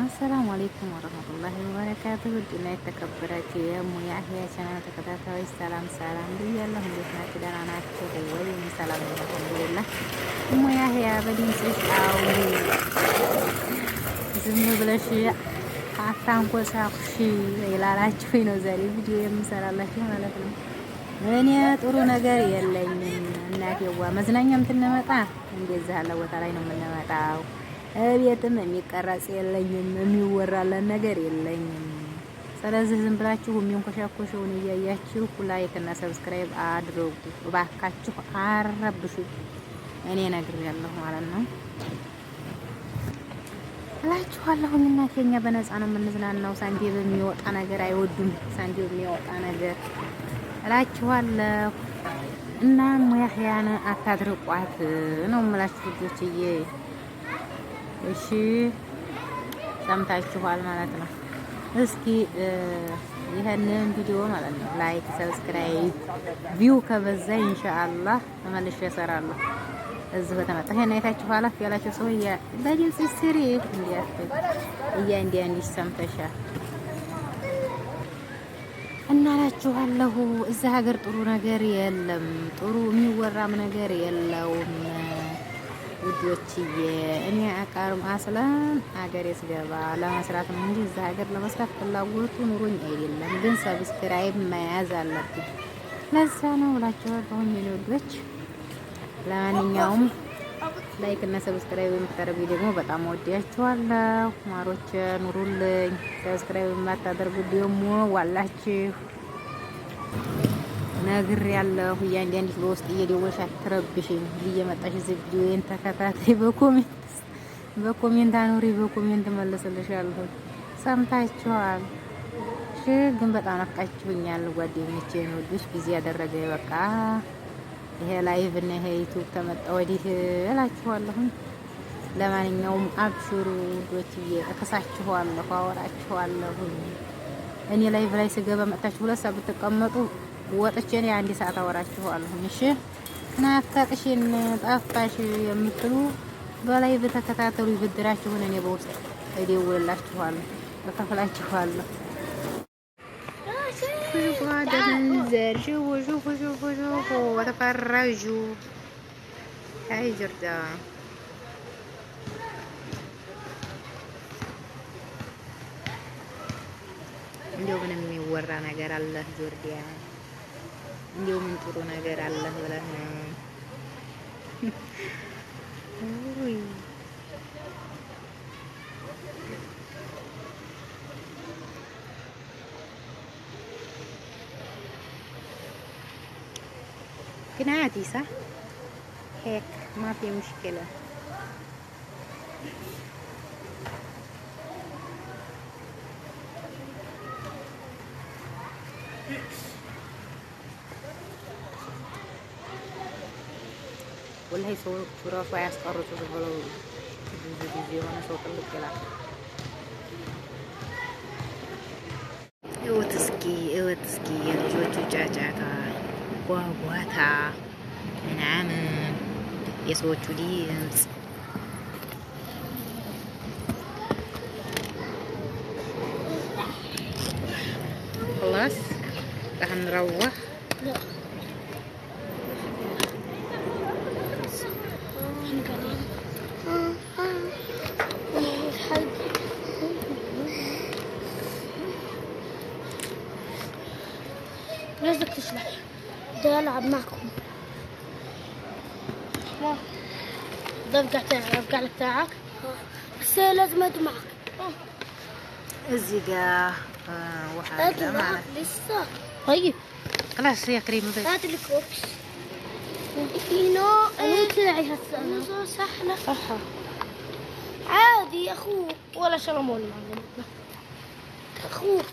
አሰላሙ አሌይኩም ወረህመቱላሂ ወበረካቱህ። ውድና የተከበራችሁ የሙያ ህያ ቻናል ተከታታዮች ሰላም ሰላም ብያለሁ። እንዴት ናችሁ? ደህና ናችሁ ወይ? ሰላም አልሐምዱሊላህ። ሙያ ህያ በድምፅሽ ዝም ብለሽ አታንኮሳኩሽ ይላላችሁ ነው ዛሬ ቪዲዮ የምሰራላችሁ ማለት ነው። እኔ ጥሩ ነገር የለኝም እናቴዋ፣ መዝናኛም ትንመጣ እንደዚህ ያለ ቦታ ላይ ነው የምንመጣው እቤትም የሚቀረጽ የለኝም፣ የሚወራለን ነገር የለኝም። ስለዚህ ዝም ብላችሁ የሚንኮሻኮሸውን እያያችሁ ላይክ እና ሰብስክራይብ አድርጉ እባካችሁ፣ አረብሹ እኔ ነግሬያለሁ ማለት ነው እላችኋለሁ። እናቴ ከኛ በነፃ ነው የምንዝናናው። ሳንዴ የሚወጣ ነገር አይወዱም። ሳንዴ የሚወጣ ነገር እላችኋለሁ። እና ሙያህያን አታድርቋት ነው የምላችሁ ልጆችዬ። እሺ ሰምታችኋል ማለት ነው። እስኪ ይህንን ቪዲዮ ማለት ነው ላይክ፣ ሰብስክራይብ፣ ቪው ከበዛ ኢንሻአላህ ተመልሼ እሰራለሁ። እዚህ በተመጣ ይሄን አይታችሁ አላፍ ያላችሁ ሰው ያ በድምጽ ስሪ እያ እንዲያ እንዲህ ሰምተሻል እናላችኋለሁ። እዛ ሀገር ጥሩ ነገር የለም፣ ጥሩ የሚወራም ነገር የለውም። ውዶችዬ እኔ አቃርም አስለን ሀገር ስገባ ለመስራት ነው እንጂ እዛ ሀገር ለመስራት ፍላጎቱ ኑሮኝ አይደለም። ግን ሰብስክራይብ መያዝ አለብኝ። ለዛ ነው ብላችኋል። አሁን የኔ ለማንኛውም ላይክ እና ሰብስክራይብ የምታደርጉ ደግሞ በጣም ወዲያችኋለሁ። ማሮች ኑሩልኝ። ሰብስክራይብ የማታደርጉ ደግሞ ዋላችሁ ነግር ያለሁ እያንዳንድ በውስጥ እየደወልሽ አትረብሽኝ እየመጣሽ እዚህ ቪዲዮዬን ተከታታይ በኮሜንት በኮሜንት አኑሪ በኮሜንት መልስልሻለሁ። ሰምታችኋል። እሺ፣ ግን በጣም አፍቃችሁኛል ጓደኞቼ። የምወዱሽ ጊዜ ያደረገ በቃ ይሄ ላይቭ እና ይሄ ዩቲዩብ ተመጣ ወዲህ እላችኋለሁ። ለማንኛውም አብሽሩ ዶች እከሳችኋለሁ፣ አወራችኋለሁ። እኔ ላይቭ ላይ ስገባ መጥታችሁ ሁለት ሰዓት ብትቀመጡ ወጥቼ እኔ አንድ ሰዓት አወራችኋለሁ። እሺ ናፍቃቅሽን ጠፋሽ የምትሉ በላይ በተከታተሉ ይብድራችሁን እኔ በውስጥ እደውልላችኋለሁ፣ እከፍላችኋለሁ። ዘር ወተፈረዡ አይ ጆርዳ እንደው ምንም የሚወራ ነገር አለ ጆርዲያ እንዲሁ ምን ጥሩ ነገር አለህ ብለህ ነው? ግን አያቲ ሳ ሄክ ማፊ ሙሽኪላ Yes. والله يسوي كرة فايس قرر شو الغلو فيديو أنا سوق لك كلا إيوة تسكي إيوة تسكي الجوج يعني جعجعتا وابواتا من عام يسوي توليز خلاص راح نروح عايزك تشلح ده العب معكم ده ارجع تاني ارجع لك بتاعك اه. بس لازم اجمعك الزقاح واحد اجمعك لسه طيب خلاص يا كريم هات الكوبس هنا ايه تلعي هسه سهله صح عادي اخوك ولا شرمول معلم اخوك